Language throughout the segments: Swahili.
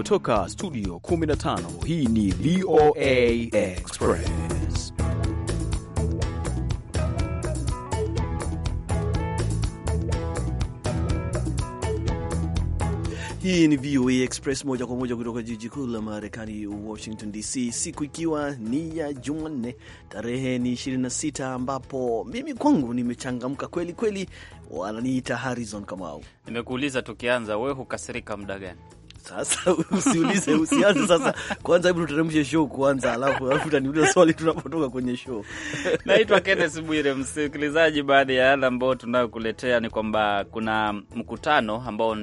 kutoka studio 15 hii ni VOA Express Hii ni VOA Express moja kwa moja kutoka jiji kuu la Marekani, Washington DC, siku ikiwa ni ya Jumanne, tarehe ni 26, ambapo mimi kwangu nimechangamka kweli kweli, wananiita Harrison Kamau. Nimekuuliza tukianza, we hukasirika muda gani? Sasa usiulize, usianze sasa. Kwanza hebu tuteremshe show kwanza, alafu alafu utaniuliza swali tunapotoka kwenye show. Naitwa Kenneth Bwire. Msikilizaji, baada ya yale ambayo tunayokuletea ni kwamba kuna mkutano ambao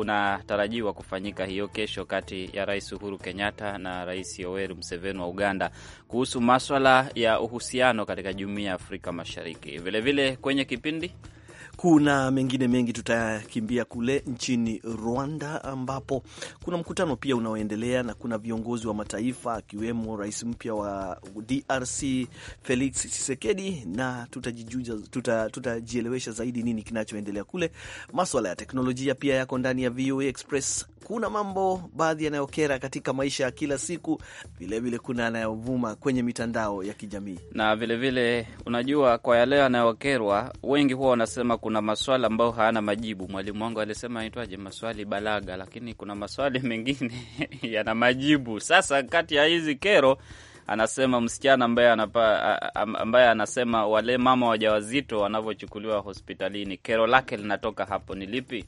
unatarajiwa kufanyika hiyo kesho kati ya Rais Uhuru Kenyatta na Rais Yoweri Museveni wa Uganda kuhusu maswala ya uhusiano katika Jumuiya ya Afrika Mashariki. Vilevile vile kwenye kipindi kuna mengine mengi, tutakimbia kule nchini Rwanda ambapo kuna mkutano pia unaoendelea na kuna viongozi wa mataifa akiwemo rais mpya wa DRC Felix Tshisekedi, na tutajielewesha tuta zaidi nini kinachoendelea kule. Maswala ya teknolojia pia yako ndani ya VOA Express. Kuna mambo baadhi yanayokera katika maisha ya kila siku, vilevile vile kuna yanayovuma kwenye mitandao ya kijamii na vilevile vile, unajua kwa yale yanayokerwa wengi huwa wanasema kuna maswali ambayo hayana majibu. Mwalimu wangu alisema aitwaje, maswali balaga, lakini kuna maswali mengine yana majibu. Sasa kati ya hizi kero anasema msichana ambaye anapa, ambaye anasema wale mama wajawazito wanavyochukuliwa hospitalini, kero lake linatoka hapo. Ni lipi?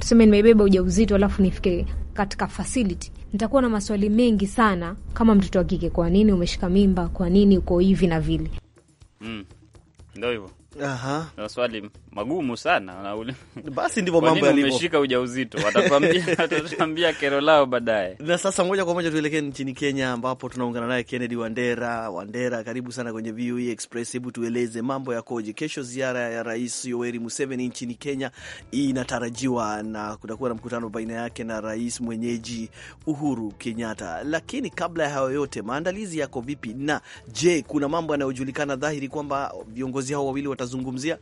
Tuseme nimebeba ujauzito alafu nifike katika facility, nitakuwa na maswali mengi sana kama mtoto wa kike, kwa nini umeshika mimba, kwa nini uko hivi na vile. Mm, ndo hivyo Aha. Maswali magumu sana. Basi ndivyo mambo yalivyo. Umeshika ujauzito, watatuambia watatuambia kero lao baadaye. Na sasa moja kwa moja tuelekee nchini Kenya ambapo tunaungana naye Kennedy Wandera. Wandera, karibu sana kwenye VOA e Express. Hebu tueleze mambo yakoje? Kesho ziara ya Rais Yoweri Museveni nchini Kenya inatarajiwa na kutakuwa na mkutano baina yake na rais mwenyeji Uhuru Kenyatta. Lakini kabla ya hayo yote, maandalizi yako vipi? Na je, kuna mambo yanayojulikana dhahiri kwamba viongozi hao wawili wata atazungumzia?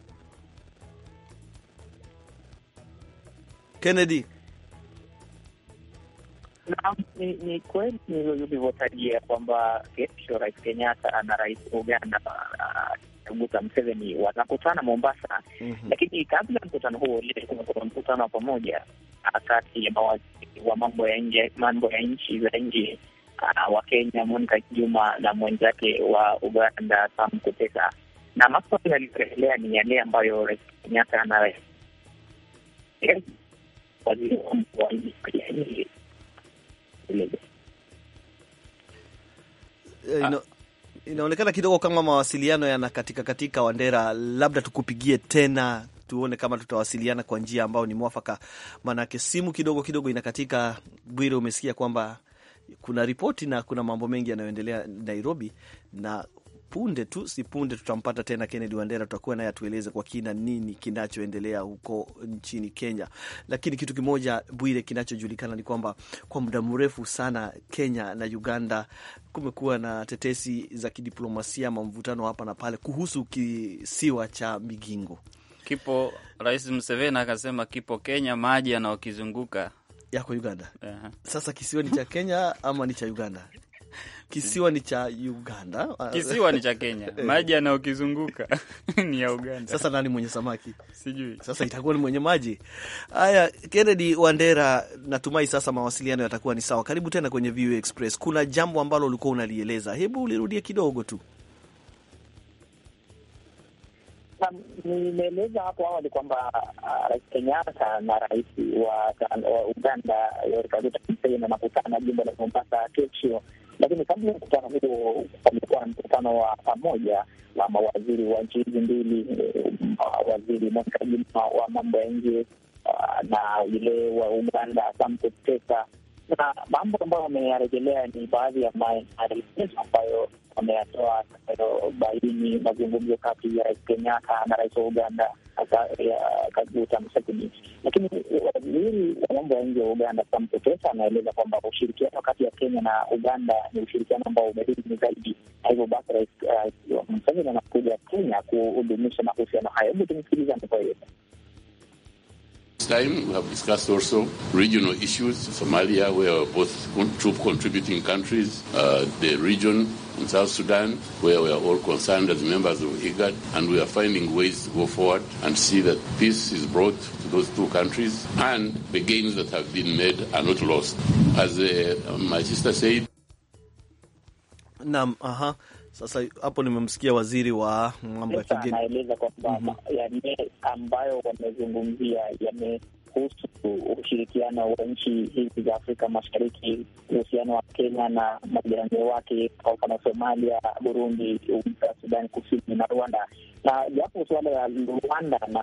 Kennedy. Naam, ni, ni kweli nilivyotajia kwamba kesho Rais Kenyatta na Rais Uganda uh, Guta Museveni watakutana Mombasa. mm -hmm. Lakini kabla ya mkutano huo leo kumekuwa mkutano wa pamoja uh, kati ya mawaziri wa mambo ya nje, mambo ya nchi za nje uh, wa Kenya Monica Juma na mwenzake wa Uganda Sam Kutesa na maswali yaliyoendelea ni yale ambayo Rais Kenyatta na eh, inaonekana kidogo kama mawasiliano yana katika katika. Wandera, labda tukupigie tena tuone kama tutawasiliana kwa njia ambayo ni mwafaka, maanake simu kidogo kidogo inakatika. Bwire, umesikia kwamba kuna ripoti na kuna mambo mengi yanayoendelea Nairobi na punde tu si punde tutampata tena Kennedy Wandera, tutakuwa naye atueleze kwa kina nini kinachoendelea huko nchini Kenya. Lakini kitu kimoja Bwire, kinachojulikana ni kwamba kwa muda mrefu sana Kenya na Uganda kumekuwa na tetesi za kidiplomasia ama mvutano hapa na pale kuhusu kisiwa cha Migingo. Kipo Rais Museveni akasema kipo Kenya, maji yanayokizunguka yako Uganda. uh -huh. Sasa kisiwa ni cha Kenya ama ni cha Uganda? Kisiwa ni cha Uganda, kisiwa ni cha Kenya, eh. maji yanayokizunguka ni ya Uganda. Sasa nani mwenye samaki? Sijui sasa itakuwa ni mwenye maji. Haya, Kennedy Wandera, natumai sasa mawasiliano yatakuwa ni sawa. Karibu tena kwenye VU Express. Kuna jambo ambalo ulikuwa unalieleza, hebu ulirudie kidogo tu. Nimeeleza hapo awali kwamba uh, Rais Kenyatta na rais wa Uganda Yoweri Kaguta Museveni wanakutana jimbo la Mombasa kesho lakini kabla ya mkutano huo, kumekuwa na mkutano wa pamoja wa mawaziri wa nchi hizi mbili, waziri mwendaji wa mambo ya nje na yule wa Uganda Sam Kutesa, na mambo ambayo wameyarejelea ni baadhi ya maelezo ambayo ameyatoa baini mazungumzo kati ya Rais Kenyatta na rais wa Uganda Museveni. Lakini waziri wa mambo ya nje wa Uganda Sam anaeleza kwamba ushirikiano kati ya Kenya na Uganda ni ushirikiano ambao umedumu zaidi, na hivyo basi Rais uh, Museveni anakuja Kenya kuhudumisha mahusiano hayo. Hebu tumsikiliza anavyoeleza. This time we have discussed also regional issues, Somalia, where both troop contributing countries, uh, the region, in South Sudan, where we are all concerned as members of IGAD, and we are finding ways to go forward and see that peace is brought to those two countries, and the gains that have been made are not lost. As uh, my sister said, uh uh-huh. aha. Sasa hapo nimemsikia waziri wa mambo ya kigeni anaeleza kwamba mm -hmm. yale ambayo wamezungumzia yamehusu ushirikiano wa nchi hizi za Afrika Mashariki, uhusiano wa Kenya na majirani wake, kwa mfano Somalia, Burundi, Sudani Kusini na Rwanda na japo suala ya Rwanda na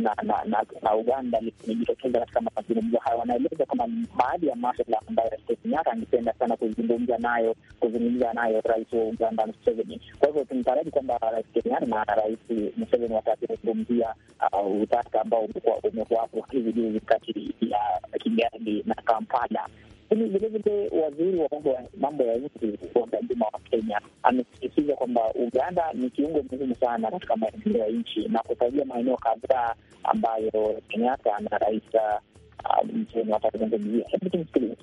na, na, na, na Uganda limejitokeza katika mazungumzo hayo, wanaeleza kama baadhi ya maswala ambayo Rais Kenyatta angependa sana kuzungumza nayo kuzungumza nayo rais wa Uganda Museveni. Kwa hivyo tunataraji kwamba Rais Kenyatta na Rais Museveni watazungumzia uh, utata ambao umekuwa hapo hivi juzi kati ya Kigali na Kampala. Lakini vilevile waziri wa mambo ya nchi Gwajima wa Kenya amesisitiza kwamba Uganda ni kiungo muhimu sana katika maendeleo ya nchi na kusaidia maeneo kadhaa ambayo Kenyatta na rais uh, Museveni watazungumzia. Hebu tumsikilize.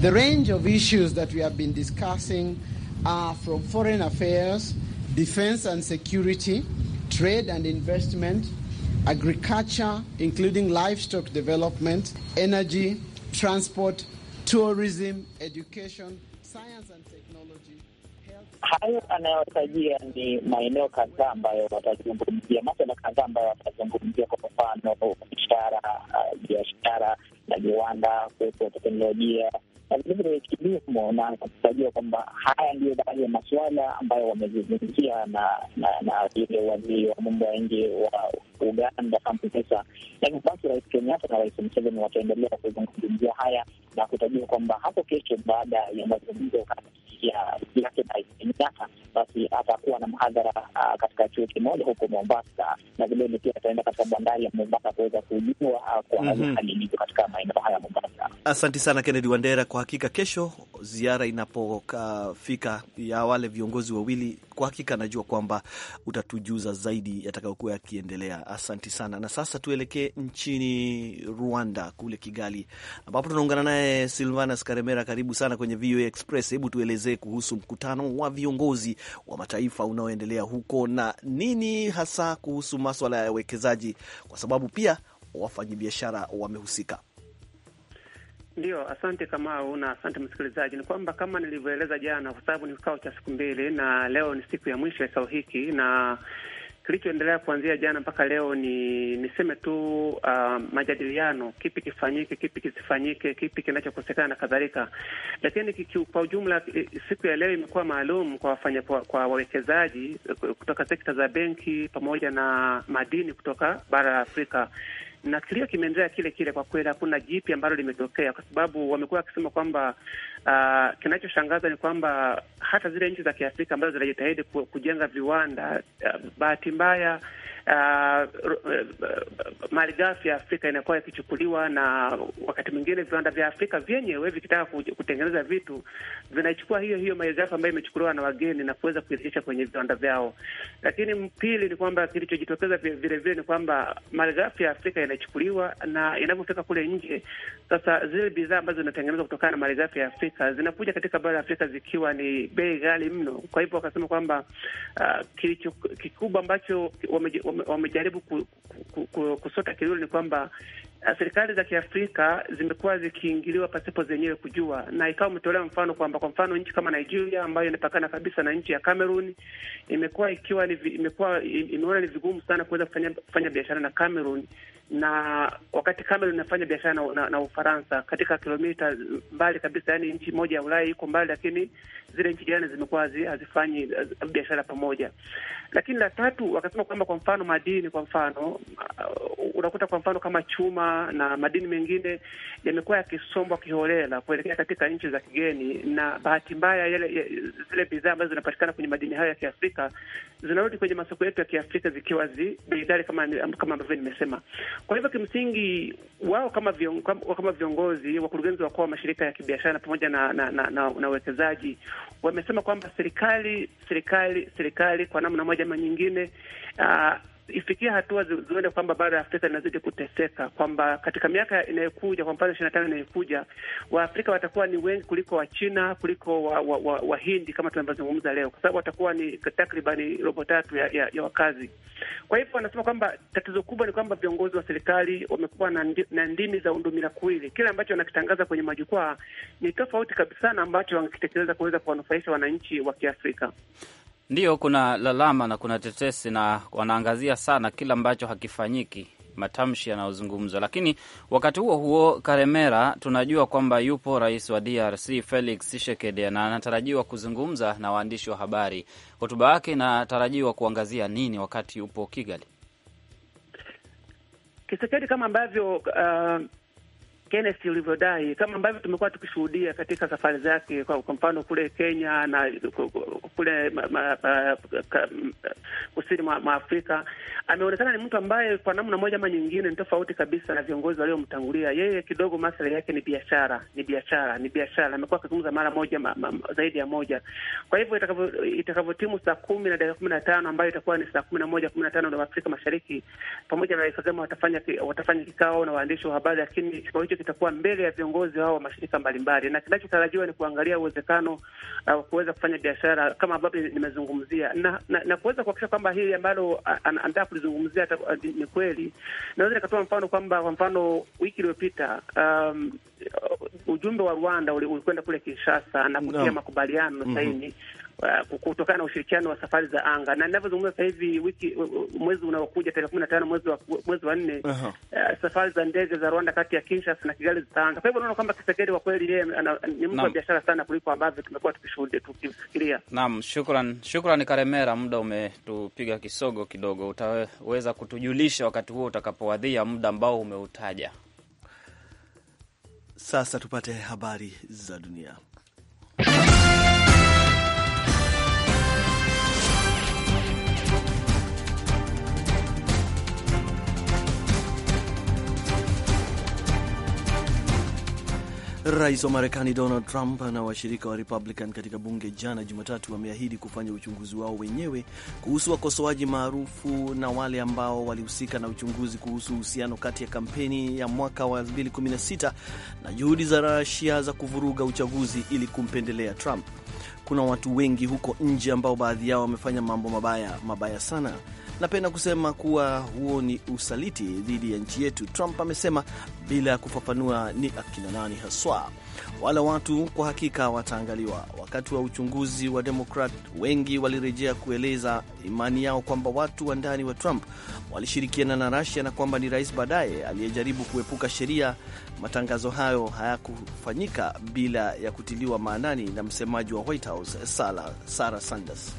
The range of issues that we have been discussing are from foreign affairs, defense and security, trade and investment agriculture, including livestock development, energy, transport, tourism, education, science and technology. Hayo anayotajia ni maeneo kadhaa ambayo watazungumzia, maswala kadhaa ambayo watazungumzia, kwa mfano biashara, biashara na viwanda, kuwepo teknolojia na vilevile kilimo, na kutajia kwamba haya ndiyo baadhi ya masuala ambayo wamezungumzia na na yule waziri wa mambo ya nje wa Uganda, Kampala. Hivyo basi, Rais Kenyatta na Rais Museveni wataendelea kuzungumzia haya na kutajua kwamba hapo kesho, baada ya mazungumzo kati yake na Rais Kenyatta, basi atakuwa na mhadhara ah, katika chuo kimoja huko Mombasa, na vilevile pia ataenda katika bandari ya Mombasa kuweza kujua ah, kwa mm -hmm. hali ilivyo katika maeneo haya ya Mombasa. Asante sana Kennedy Wandera. Kwa hakika kesho ziara inapofika ya wale viongozi wawili, kwa hakika najua kwamba utatujuza zaidi yatakayokuwa yakiendelea. Asanti sana. Na sasa tuelekee nchini Rwanda, kule Kigali, ambapo tunaungana naye Silvanas Karemera. Karibu sana kwenye VOA Express. Hebu tuelezee kuhusu mkutano wa viongozi wa mataifa unaoendelea huko na nini hasa kuhusu maswala ya uwekezaji, kwa sababu pia wafanyabiashara wamehusika. Ndio, asante Kamau na asante msikilizaji. Ni kwamba kama nilivyoeleza jana, kwa sababu ni kikao cha siku mbili na leo ni siku ya mwisho ya kikao hiki, na Kilichoendelea kuanzia jana mpaka leo ni niseme tu uh, majadiliano, kipi kifanyike, kipi kisifanyike, kipi kinachokosekana na kadhalika. Lakini kwa ujumla, siku ya leo imekuwa maalum kwa wafanya, kwa, kwa wawekezaji eh, kutoka sekta za benki pamoja na madini kutoka bara la Afrika na kilio kimeendelea kile kile. Kwa kweli hakuna jipi ambalo limetokea, kwa sababu wamekuwa wakisema kwamba uh, kinachoshangaza ni kwamba hata zile nchi za Kiafrika ambazo zinajitahidi kujenga viwanda uh, bahati mbaya Uh, uh, malighafi ya Afrika inakuwa ikichukuliwa, na wakati mwingine viwanda vya Afrika vyenyewe vikitaka kutengeneza vitu vinaichukua hiyo hiyo malighafi ambayo imechukuliwa na wageni na kuweza kuirikisha kwenye viwanda vyao. Lakini pili ni kwamba kilichojitokeza vilevile ni kwamba malighafi ya Afrika inachukuliwa na inavyofika kule nje, sasa zile bidhaa ambazo zinatengenezwa kutokana na malighafi ya Afrika zinakuja katika bara la Afrika zikiwa ni bei ghali mno. Kwa hivyo wakasema kwamba uh, kilicho kikubwa ambacho wame, wame wamejaribu kusota kidole ni kwamba eh, serikali za Kiafrika zimekuwa zikiingiliwa pasipo zenyewe kujua, na ikawa umetolea mfano kwamba kwa mfano nchi kama Nigeria ambayo inapakana kabisa na nchi ya Cameroon imekuwa ikiwa imekuwa imeona ni vigumu sana kuweza kufanya, kufanya biashara na Cameroon na wakati Cameroon inafanya biashara na, na, na Ufaransa katika kilomita mbali kabisa, yani nchi moja ya Ulaya iko mbali, lakini zile nchi jirani zimekuwa hazifanyi biashara pamoja. Lakini la tatu wakasema kwamba kwa mfano madini, kwa mfano uh, unakuta kwa mfano kama chuma na madini mengine yamekuwa yakisombwa kiholela kuelekea katika nchi za kigeni, na bahati mbaya yale zile bidhaa ambazo zinapatikana kwenye madini hayo ya Kiafrika zinarudi kwenye masoko yetu ya Kiafrika zikiwa zi kama kama ambavyo nimesema. Kwa hivyo kimsingi wao kama vion, kama viongozi wakurugenzi wakuu wa mashirika ya kibiashara pamoja na na na uwekezaji wamesema kwamba serikali serikali serikali kwa namna moja ama nyingine uh, ifikia hatua ziende kwamba bara la Afrika linazidi kuteseka, kwamba katika miaka inayokuja, kwa mfano ishirini na tano inayokuja, Waafrika watakuwa ni wengi kuliko Wachina kuliko Wahindi wa, wa kama tunavyozungumza leo, kwa sababu watakuwa ni takribani robo tatu ya, ya, ya wakazi. Kwa hivyo wanasema kwamba tatizo kubwa ni kwamba viongozi wa serikali wamekuwa na ndimi za undumila kuili. Kile ambacho wanakitangaza kwenye majukwaa ni tofauti kabisa na ambacho wangekitekeleza kuweza kuwanufaisha wananchi wa Kiafrika. Ndiyo, kuna lalama na kuna tetesi na wanaangazia sana kile ambacho hakifanyiki, matamshi yanayozungumzwa. Lakini wakati huo huo, Karemera, tunajua kwamba yupo rais wa DRC Felix Tshisekedi na anatarajiwa kuzungumza na waandishi wa habari. Hotuba yake inatarajiwa kuangazia nini wakati yupo Kigali? Tshisekedi kama ambavyo uh Kenneth ulivyodai, kama ambavyo tumekuwa tukishuhudia katika safari zake, kwa mfano kule Kenya na kule kusini mwa Afrika, ameonekana ni mtu ambaye kwa namna moja ama nyingine ni tofauti kabisa na viongozi waliomtangulia yeye. Kidogo masuala yake ni biashara, ni biashara, ni biashara. Amekuwa akizungumza mara moja ma, ma, zaidi ya moja. Kwa hivyo itakavyotimu saa kumi na dakika kumi na tano ambayo itakuwa ni saa kumi na moja kumi na tano Afrika Mashariki, pamoja na rais watafanya watafanya kikao na waandishi wa habari, lakini kikao hicho zitakuwa mbele ya viongozi hao wa mashirika mbalimbali, na kinachotarajiwa ni kuangalia uwezekano wa uh, kuweza kufanya biashara kama ambavyo nimezungumzia, na, na, na kuweza kuhakikisha kwamba hili ambalo uh, anataka kulizungumzia uh, ni kweli. Naweza nikatoa mfano kwamba kwa mfano wiki iliyopita um, uh, ujumbe wa Rwanda ulikwenda kule Kinshasa na kutia no. makubaliano mhm. saini uh, kutokana na ushirikiano wa safari za anga, na ninavyozungumza sasa hivi, wiki uh, uh, mwezi unaokuja tarehe kumi na tano mwezi wa mwezi wa nne, uh, safari za ndege za Rwanda kati ya Kinshasa na Kigali zitaanza. Kwa hivyo unaona kwamba Kisekedi kwa kweli yeye ni mtu wa biashara sana kuliko ambavyo tumekuwa tukishuhudia tukifikiria. Naam, shukran, shukran Karemera, muda umetupiga kisogo kidogo. Utaweza kutujulisha wakati huo utakapowadhia muda ambao umeutaja. Sasa tupate habari za dunia. Rais wa Marekani Donald Trump na washirika wa Republican katika bunge jana Jumatatu wameahidi kufanya uchunguzi wao wenyewe kuhusu wakosoaji maarufu na wale ambao walihusika na uchunguzi kuhusu uhusiano kati ya kampeni ya mwaka wa 2016 na juhudi za Rasia za kuvuruga uchaguzi ili kumpendelea Trump. Kuna watu wengi huko nje ambao baadhi yao wamefanya mambo mabaya mabaya sana Napenda kusema kuwa huo ni usaliti dhidi ya nchi yetu, Trump amesema bila ya kufafanua ni akina nani haswa. Wala watu kwa hakika wataangaliwa. Wakati wa uchunguzi wa Demokrat wengi walirejea kueleza imani yao kwamba watu wa ndani wa Trump walishirikiana na Rasia na kwamba ni rais baadaye aliyejaribu kuepuka sheria. Matangazo hayo hayakufanyika bila ya kutiliwa maanani na msemaji wa White House Sarah Sanders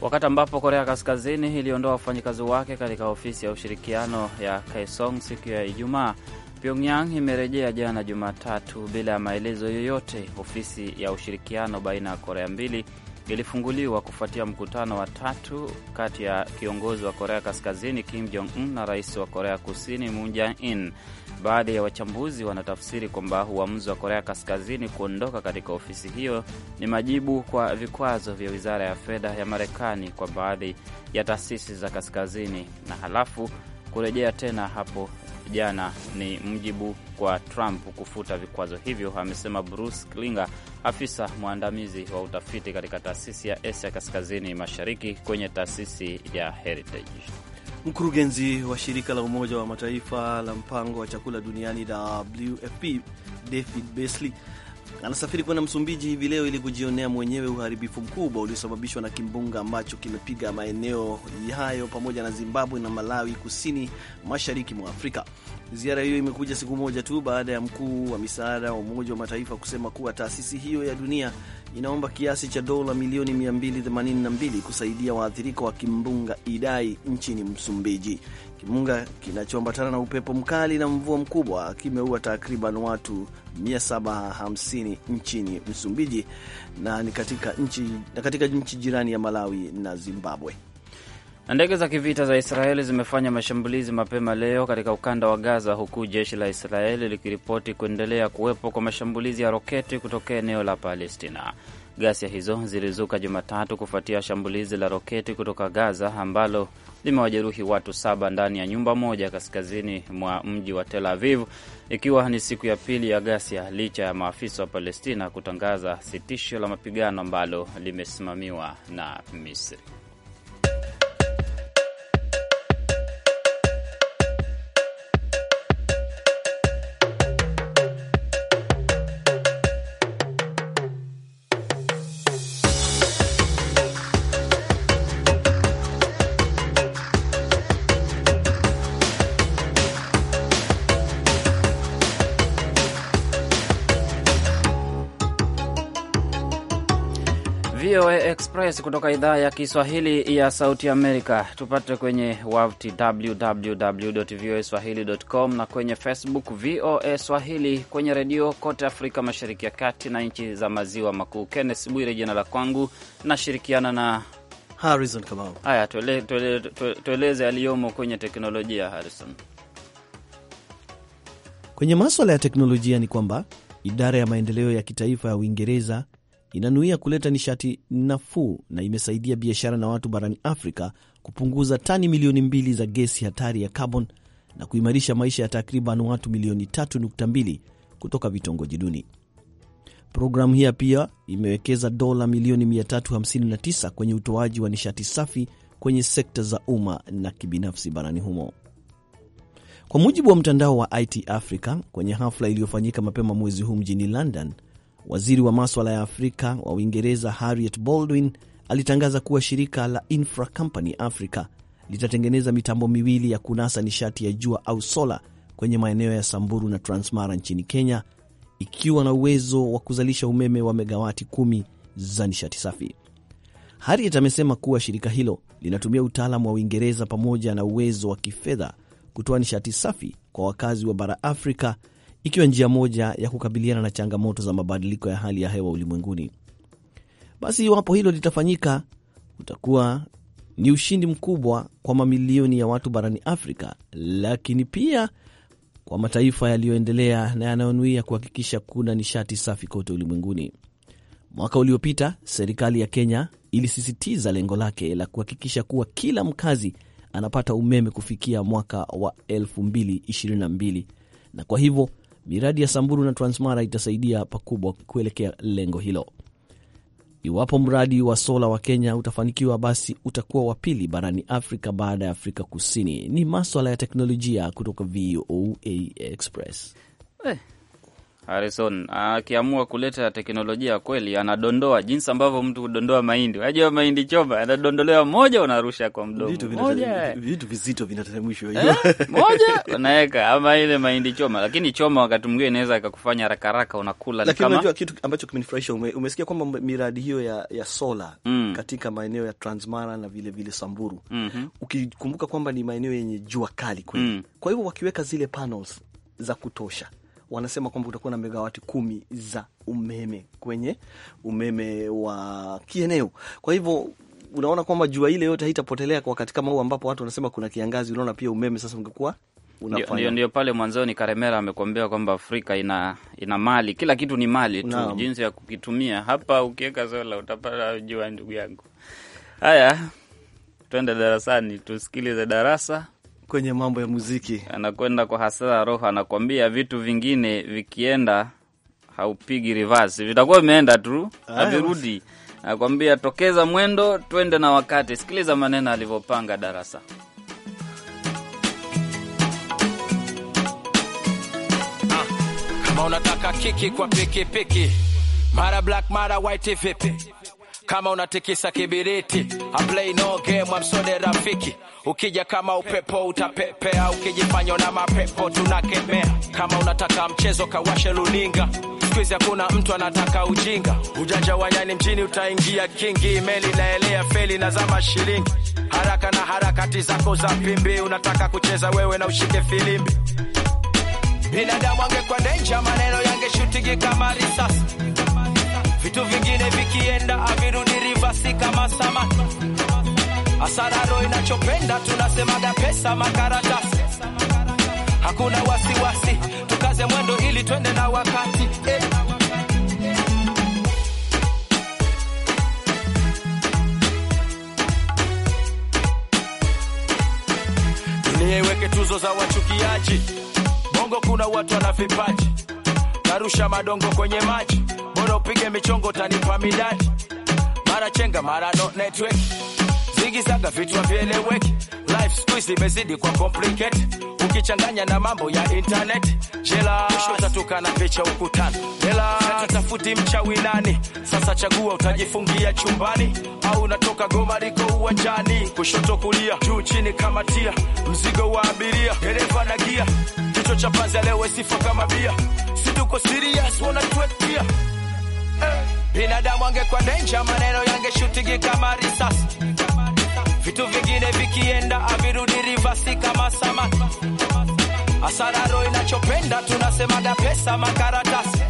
wakati ambapo Korea Kaskazini iliondoa wafanyakazi wake katika ofisi ya ushirikiano ya Kaesong siku ya Ijumaa. Pyongyang imerejea jana Jumatatu bila ya maelezo yoyote ofisi ya ushirikiano baina ya Korea mbili ilifunguliwa kufuatia mkutano wa tatu kati ya kiongozi wa Korea Kaskazini Kim Jong Un na rais wa Korea Kusini Moon Jae-in. Baadhi ya wachambuzi wanatafsiri kwamba uamuzi wa Korea Kaskazini kuondoka katika ofisi hiyo ni majibu kwa vikwazo vya wizara ya fedha ya Marekani kwa baadhi ya taasisi za Kaskazini na halafu kurejea tena hapo jana ni mjibu kwa Trump kufuta vikwazo hivyo, amesema Bruce Klinger, afisa mwandamizi wa utafiti katika taasisi ya Asia Kaskazini Mashariki kwenye taasisi ya Heritage. Mkurugenzi wa shirika la Umoja wa Mataifa la mpango wa chakula duniani WFP David Beasley anasafiri kwenda Msumbiji hivi leo ili kujionea mwenyewe uharibifu mkubwa uliosababishwa na kimbunga ambacho kimepiga maeneo hayo pamoja na Zimbabwe na Malawi kusini mashariki mwa Afrika. Ziara hiyo imekuja siku moja tu baada ya mkuu wa misaada wa Umoja wa Mataifa kusema kuwa taasisi hiyo ya dunia inaomba kiasi cha dola milioni 282 kusaidia waathirika wa kimbunga Idai nchini Msumbiji. Kimbunga kinachoambatana na upepo mkali na mvua mkubwa kimeua takriban watu 750 nchini Msumbiji na katika nchi, na katika nchi jirani ya Malawi na Zimbabwe. Na ndege za kivita za Israeli zimefanya mashambulizi mapema leo katika ukanda wa Gaza, huku jeshi la Israeli likiripoti kuendelea kuwepo kwa mashambulizi ya roketi kutokea eneo la Palestina. Ghasia hizo zilizuka Jumatatu kufuatia shambulizi la roketi kutoka Gaza ambalo limewajeruhi watu saba ndani ya nyumba moja kaskazini mwa mji wa Tel Aviv, ikiwa ni siku ya pili ya ghasia licha ya maafisa wa Palestina kutangaza sitisho la mapigano ambalo limesimamiwa na Misri. Express kutoka idhaa ya Kiswahili ya Sauti Amerika. Tupate kwenye wavuti www.voaswahili.com na kwenye Facebook VOA Swahili, kwenye redio kote Afrika Mashariki ya Kati na nchi za Maziwa Makuu. Kenneth Bwire jina la kwangu, nashirikiana na Harrison Kamau. Haya, tueleze aliyomo kwenye teknolojia. Harrison, kwenye maswala ya teknolojia ni kwamba idara ya maendeleo ya kitaifa ya Uingereza inanuia kuleta nishati nafuu na imesaidia biashara na watu barani Afrika kupunguza tani milioni mbili za gesi hatari ya carbon na kuimarisha maisha ya takriban watu milioni 3.2 kutoka vitongoji duni. Programu hiya pia imewekeza dola milioni 359 kwenye utoaji wa nishati safi kwenye sekta za umma na kibinafsi barani humo. Kwa mujibu wa mtandao wa IT Africa, kwenye hafla iliyofanyika mapema mwezi huu mjini London, Waziri wa maswala ya Afrika wa Uingereza Harriet Baldwin alitangaza kuwa shirika la Infra Company Africa litatengeneza mitambo miwili ya kunasa nishati ya jua au sola kwenye maeneo ya Samburu na Transmara nchini Kenya, ikiwa na uwezo wa kuzalisha umeme wa megawati kumi za nishati safi. Harriet amesema kuwa shirika hilo linatumia utaalamu wa Uingereza pamoja na uwezo wa kifedha kutoa nishati safi kwa wakazi wa bara Afrika ikiwa njia moja ya kukabiliana na changamoto za mabadiliko ya hali ya hewa ulimwenguni. Basi iwapo hilo litafanyika, utakuwa ni ushindi mkubwa kwa mamilioni ya watu barani Afrika, lakini pia kwa mataifa yaliyoendelea na yanayonuia kuhakikisha kuna nishati safi kote ulimwenguni. Mwaka uliopita serikali ya Kenya ilisisitiza lengo lake la kuhakikisha kuwa kila mkazi anapata umeme kufikia mwaka wa 2022 na kwa hivyo Miradi ya Samburu na Transmara itasaidia pakubwa kuelekea lengo hilo. Iwapo mradi wa sola wa Kenya utafanikiwa, basi utakuwa wa pili barani Afrika baada ya Afrika Kusini. Ni maswala ya teknolojia kutoka VOA Express. Eh, Harrison akiamua kuleta teknolojia kweli, anadondoa jinsi ambavyo mtu hudondoa mahindi. Unajua mahindi choma, anadondolewa moja, unarusha kwa mdomo, vitu vizito vinateremshwa hiyo eh, moja, unaweka ama ile mahindi choma. Lakini choma wakati mwingine inaweza ikakufanya haraka haraka unakula. Lakini unajua kitu ambacho kimenifurahisha, ume, umesikia kwamba miradi hiyo ya, ya sola mm. katika maeneo ya Transmara na vile vile Samburu mm -hmm. ukikumbuka kwamba ni maeneo yenye jua kali kweli mm. kwa hivyo wakiweka zile panels za kutosha wanasema kwamba utakuwa na megawati kumi za umeme kwenye umeme wa kieneo. Kwa hivyo unaona kwamba jua ile yote haitapotelea kwa wakati kama huu ambapo watu wanasema kuna kiangazi. Unaona pia umeme sasa ungekuwa ndio, ndio pale mwanzoni Karemera amekuambia kwamba Afrika ina ina mali, kila kitu ni mali tu no. jinsi ya kukitumia. Hapa ukiweka sola utapata jua, ndugu yangu. Haya, twende darasani tusikilize darasa kwenye mambo ya muziki, anakwenda kwa hasara roho, anakwambia vitu vingine vikienda haupigi reverse, vitakuwa vimeenda tu havirudi. Nakwambia tokeza mwendo, twende na wakati. Sikiliza maneno alivyopanga darasa ah, kama unataka kiki kwa pikipiki, mara black mara white vipi kama unatikisa kibiriti. I play no game, the rafiki. Ukija kama upepo utapepea, ukijifanya na mapepo tunakemea. Kama unataka mchezo kawashe luninga, siku hizi hakuna mtu anataka ujinga. Ujanja wa nyani mjini utaingia kingi, meli naelea feli na zama shilingi haraka na harakati zako za pimbi, unataka kucheza wewe na ushike filimbi. Binadamu angekuwa denja, maneno yangeshutiki kama risasi vitu vingine vikienda avirudi rivasi kama sama asararo inachopenda tunasemaga pesa makaratasi, hakuna wasiwasi, tukaze mwendo ili twende na wakati eh. Niweke iweke tuzo za wachukiaji bongo, kuna watu wana vipaji, narusha madongo kwenye maji upige michongo utanipa midati mara chenga mara no network, zigizaga vitu havieleweki. Life squeeze hizi imezidi kwa complicate, ukichanganya na mambo ya internet. Jela tatuka na picha ukutani, jela tutafuti mchawi nani? Sasa chagua, utajifungia chumbani au unatoka goma liko uwanjani, kushoto kulia, juu chini, kama tia mzigo wa abiria, dereva na gia, kicho cha panzi leo sifa kama bia, situko serious wanatuetia binadamu angekuwa danger, maneno yangeshutingi kama risasi, vitu vingine vikienda avirudi rivasi kama samaki. Asararo inachopenda tunasema da pesa makaratasi,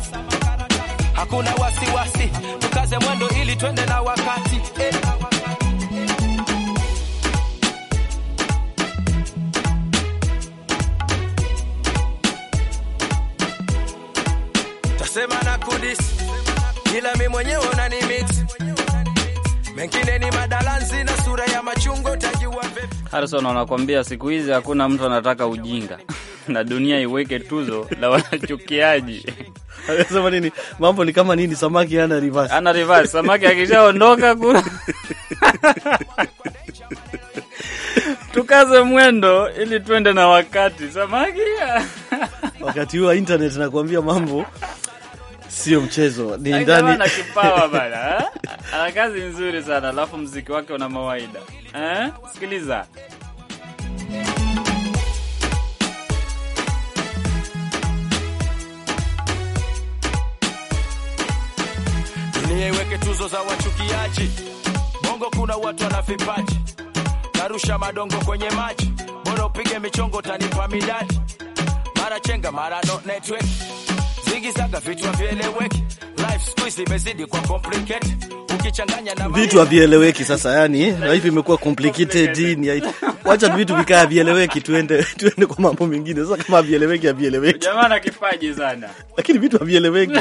hakuna wasiwasi, tukaze mwendo ili twende na wakati eh. ila mi mwenyewe unanimiti mengine ni madalanzi na sura ya machungo utajua vipi. Harrison anakuambia siku hizi hakuna mtu anataka ujinga na dunia iweke tuzo la wanachukiaji. Anasema nini? Mambo ni kama nini? Samaki ana reverse, ana reverse. Samaki akishaondoka kuna tukaze mwendo ili tuende na wakati samaki wakati huo internet nakuambia mambo sio mchezo, ni ndani. na kipawa bana, eh? ana kazi nzuri sana, alafu mziki wake una mawaida eh? Sikiliza. Dunia iweke tuzo za wachukiaji, bongo kuna watu wana vipaji, narusha madongo kwenye maji, bora upige michongo, tanipa midadi, mara chenga mara no network Zigi vitu vieleweki. Life squeeze imezidi kwa complicate vitu havieleweki sasa, yani life imekuwa complicated. Ni Wacha vitu vikaa havieleweki, tuende tuende kwa mambo mengine. Sasa kama havieleweki havieleweki, jamaa na kipaji sana, lakini vitu havieleweki.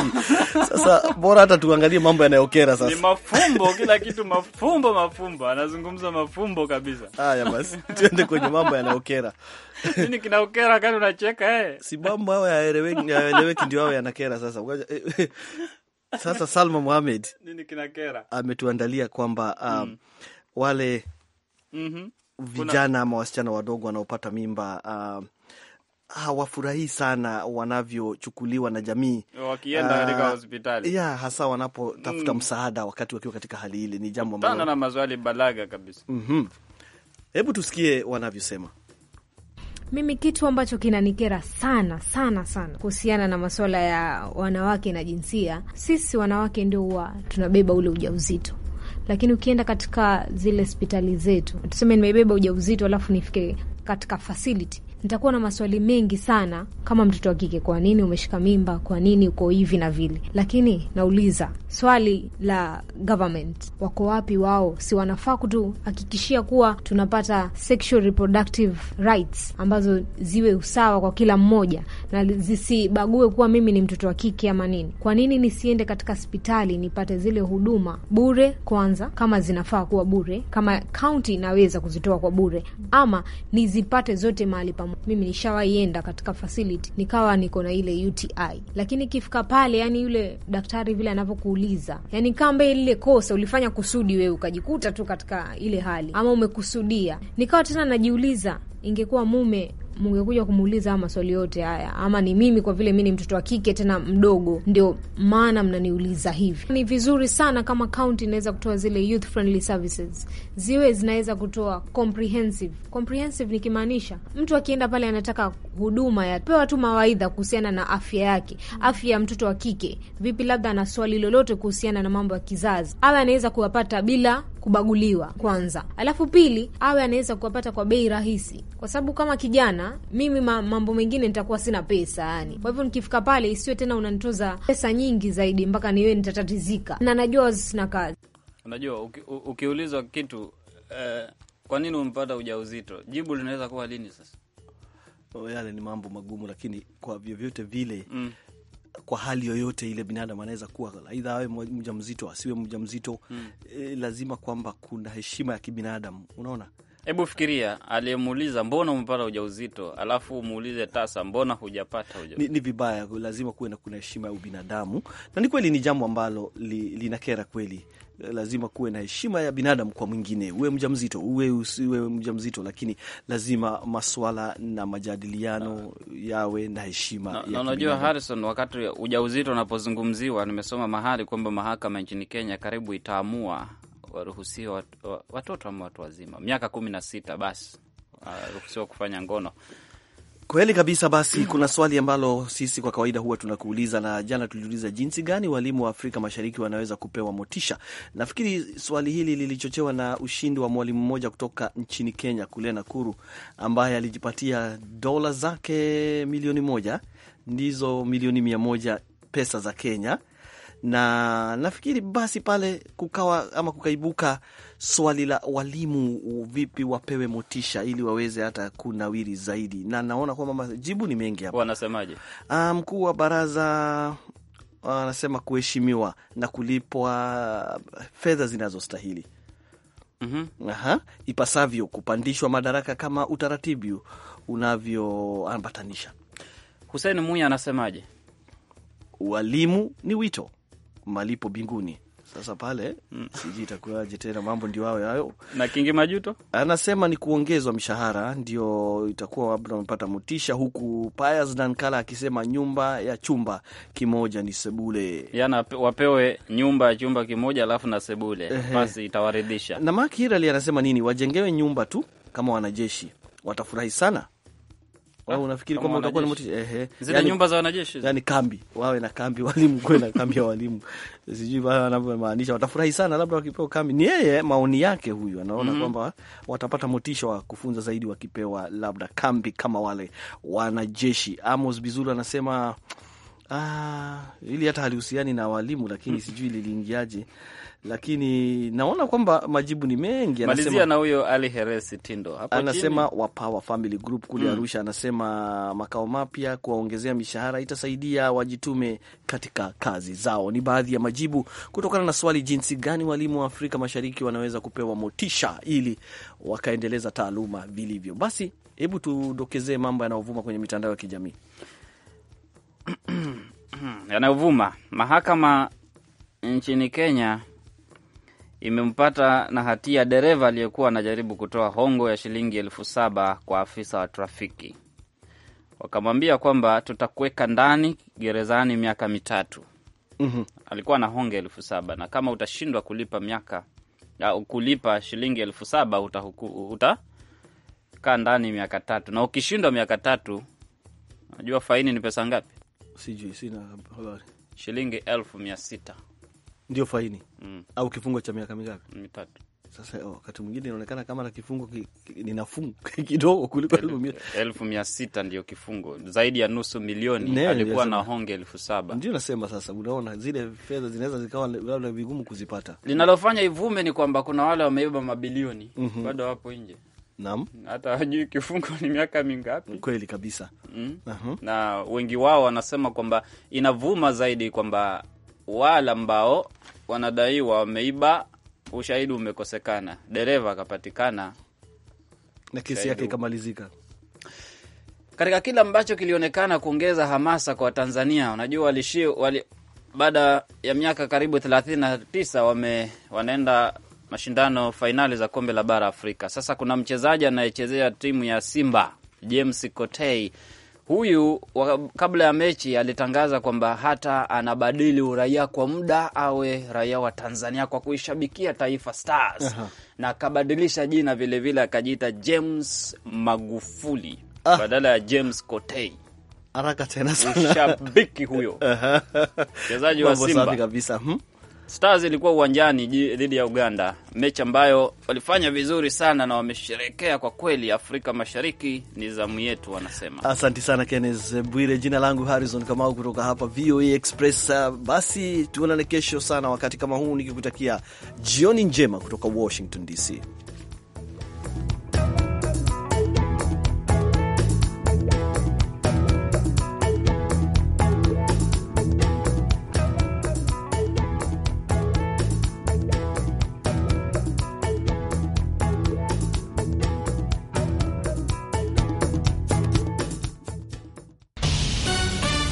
Sasa bora hata tuangalie mambo yanayokera sasa. Ni mafumbo, kila kitu mafumbo, mafumbo, anazungumza mafumbo kabisa. Haya basi, tuende kwenye mambo yanayokera. Nini kinaokera? Kani unacheka eh? Si mambo hayo yaeleweki, yaeleweki ndio hayo yanakera sasa eh, eh, sasa Salma Muhamed ametuandalia kwamba um, mm. wale mm -hmm. vijana ama wasichana wadogo wanaopata mimba um, hawafurahii sana wanavyochukuliwa na jamii wakienda ah, katika hospitali ya hasa wanapotafuta mm. msaada wakati wakiwa katika hali ile. Ni jambo ambalo na maswali balaga kabisa. mm -hmm. Hebu tusikie wanavyosema. Mimi kitu ambacho kinanikera sana sana sana kuhusiana na masuala ya wanawake na jinsia, sisi wanawake ndio huwa tunabeba ule ujauzito lakini ukienda katika zile hospitali zetu, tuseme nimebeba ujauzito, alafu nifike katika facility nitakuwa na maswali mengi sana kama mtoto wa kike, kwa nini umeshika mimba? Kwa nini uko hivi na vile? Lakini nauliza swali la government, wako wapi wao? Si wanafaa kutuhakikishia kuwa tunapata sexual reproductive rights ambazo ziwe usawa kwa kila mmoja na zisibague kuwa mimi ni mtoto wa kike ama nini. Kwa nini nisiende katika hospitali nipate zile huduma bure kwanza, kama zinafaa kuwa bure, kama kaunti inaweza kuzitoa kwa bure, ama nizipate zote mahali pamoja mimi nishawaienda katika facility nikawa niko na ile UTI, lakini ikifika pale, yani yule daktari vile anavyokuuliza, yani kambe lile kosa ulifanya kusudi, wewe ukajikuta tu katika ile hali ama umekusudia. Nikawa tena najiuliza ingekuwa mume mungekuja kumuuliza maswali yote haya, ama ni mimi, kwa vile mi ni mtoto wa kike tena mdogo, ndio maana mnaniuliza hivi. Ni vizuri sana kama kaunti inaweza kutoa zile youth friendly services, ziwe zinaweza kutoa comprehensive. Comprehensive nikimaanisha mtu akienda pale anataka huduma ya pewa tu mawaidha kuhusiana na afya yake, afya ya mtoto wa kike vipi, labda ana swali lolote kuhusiana na mambo ya kizazi, awe anaweza kuwapata bila kubaguliwa kwanza, alafu pili awe anaweza kuwapata kwa bei rahisi, kwa sababu kama kijana mimi ma, mambo mengine nitakuwa sina pesa yani. Kwa hivyo nikifika pale isiwe tena unanitoza pesa nyingi zaidi mpaka niwe nitatatizika, na najua wazi sina kazi. Unajua ukiulizwa uki kitu eh, kwa nini umepata ujauzito, jibu linaweza kuwa lini? Sasa oh, yale ni mambo magumu, lakini kwa vyovyote vile mm kwa hali yoyote ile binadamu anaweza kuwa aidha awe mja mzito asiwe mja mzito mm. E, lazima kwamba kuna heshima ya kibinadamu unaona. Hebu fikiria aliyemuuliza mbona umepata ujauzito, alafu umuulize tasa mbona hujapata ujauzito. Ni, ni vibaya. Lazima kuwe na kuna heshima ya ubinadamu, na ni kweli ni jambo ambalo linakera li kweli lazima kuwe na heshima ya binadamu kwa mwingine, uwe mjamzito uwe usiwe mjamzito, lakini lazima maswala na majadiliano na yawe na heshima. Na unajua Harrison, wakati ujauzito unapozungumziwa, nimesoma mahali kwamba mahakama nchini Kenya karibu itaamua waruhusiwa watoto ama watu wazima miaka kumi na sita basi waruhusiwa kufanya ngono Kweli kabisa. Basi kuna swali ambalo sisi kwa kawaida huwa tunakuuliza, na jana tuliuliza jinsi gani walimu wa Afrika Mashariki wanaweza kupewa motisha. Nafikiri swali hili lilichochewa na ushindi wa mwalimu mmoja kutoka nchini Kenya kule Nakuru, ambaye alijipatia dola zake milioni moja, ndizo milioni mia moja pesa za Kenya na nafikiri basi pale kukawa ama kukaibuka swali la walimu vipi wapewe motisha ili waweze hata kunawiri zaidi, na naona kwamba majibu ni mengi hapa. Wanasemaje? Ah, mkuu um, wa baraza ah, anasema uh, kuheshimiwa na kulipwa fedha zinazostahili mm -hmm. Aha, ipasavyo, kupandishwa madaraka kama utaratibu unavyoambatanisha. Hussein Muya anasemaje? Walimu ni wito malipo binguni. Sasa pale mm. sijui itakuwaje tena, mambo ndio hayo hayo. Na Kingi Majuto anasema ni kuongezwa mshahara ndio itakuwa labda amepata mutisha, huku Pius Dankala akisema nyumba ya chumba kimoja ni sebule, yaani wapewe nyumba ya chumba kimoja alafu na sebule, basi itawaridhisha. Na Mak Hirali anasema nini, wajengewe nyumba tu kama wanajeshi, watafurahi sana wao oh, ah, unafikiri kwamba utakuwa na motisha ehe, eh, zile yani, nyumba za wanajeshi yani kambi wawe na kambi, walimu kuwe na kambi ya walimu, sijui bwana wanavyomaanisha watafurahi sana labda wakipewa kambi. Ni yeye eh, maoni yake huyu, anaona mm -hmm. kwamba watapata motisha wa kufunza zaidi wakipewa labda kambi kama wale wanajeshi. Amos Bizuru anasema ah, ili hata halihusiani na walimu, lakini mm. sijui liliingiaje lakini naona kwamba majibu ni mengi. Anasema na huyo Ali Heresi Tindo hapo anasema Family Group kule mm. Arusha, anasema makao mapya kuwaongezea mishahara itasaidia wajitume katika kazi zao. Ni baadhi ya majibu kutokana na swali jinsi gani walimu wa Afrika Mashariki wanaweza kupewa motisha ili wakaendeleza taaluma vilivyo. Basi hebu tudokezee mambo yanayovuma kwenye mitandao ya kijamii yanayovuma mahakama nchini Kenya imempata na hatia dereva aliyekuwa anajaribu kutoa hongo ya shilingi elfu saba kwa afisa wa trafiki. Wakamwambia kwamba tutakuweka ndani gerezani miaka mitatu. mm -hmm. Alikuwa na honge elfu saba na kama utashindwa kulipa miaka kulipa shilingi elfu saba utakaa ndani miaka tatu, na ukishindwa miaka tatu, unajua faini ni pesa ngapi? Sijui, sina habari. Shilingi elfu mia sita ndio faini mm. au kifungo cha miaka mingapi? Mitatu. Sasa oh, wakati mwingine inaonekana kama na kifungo ni nafuu kidogo kuliko elfu mia sita ndio kifungo, zaidi ya nusu milioni ne, alikuwa na honge elfu saba Ndio nasema sasa, unaona zile fedha zinaweza zikawa labda vigumu kuzipata. Linalofanya ivume ni kwamba kuna wale wameiba mabilioni mm -hmm. bado wapo nje Naam. Hata hajui kifungo ni miaka mingapi. Kweli kabisa. Mm. Uh mhm. -huh. Na wengi wao wanasema kwamba inavuma zaidi kwamba wale ambao wanadaiwa wameiba, ushahidi umekosekana, dereva akapatikana na kesi yake ikamalizika. Katika kile ambacho kilionekana kuongeza hamasa kwa Tanzania, unajua walishi wali, baada ya miaka karibu 39 wame, wanaenda mashindano fainali za kombe la bara Afrika. Sasa kuna mchezaji anayechezea timu ya Simba James Kotei Huyu kabla ya mechi alitangaza kwamba hata anabadili uraia kwa muda awe raia wa Tanzania kwa kuishabikia Taifa Stars. Aha. na akabadilisha jina vilevile akajiita James Magufuli ah, badala ya James Kotei. Haraka tena sana, Ushabiki huyo mchezaji wa Simba kabisa hmm? Stars ilikuwa uwanjani dhidi ya Uganda, mechi ambayo walifanya vizuri sana na wamesherekea kwa kweli. Afrika Mashariki ni zamu yetu, wanasema. Asante sana kennes Bwire. Jina langu Harrison Kamau kutoka hapa VOA Express. Basi tuonane kesho sana wakati kama huu, nikikutakia jioni njema kutoka Washington DC.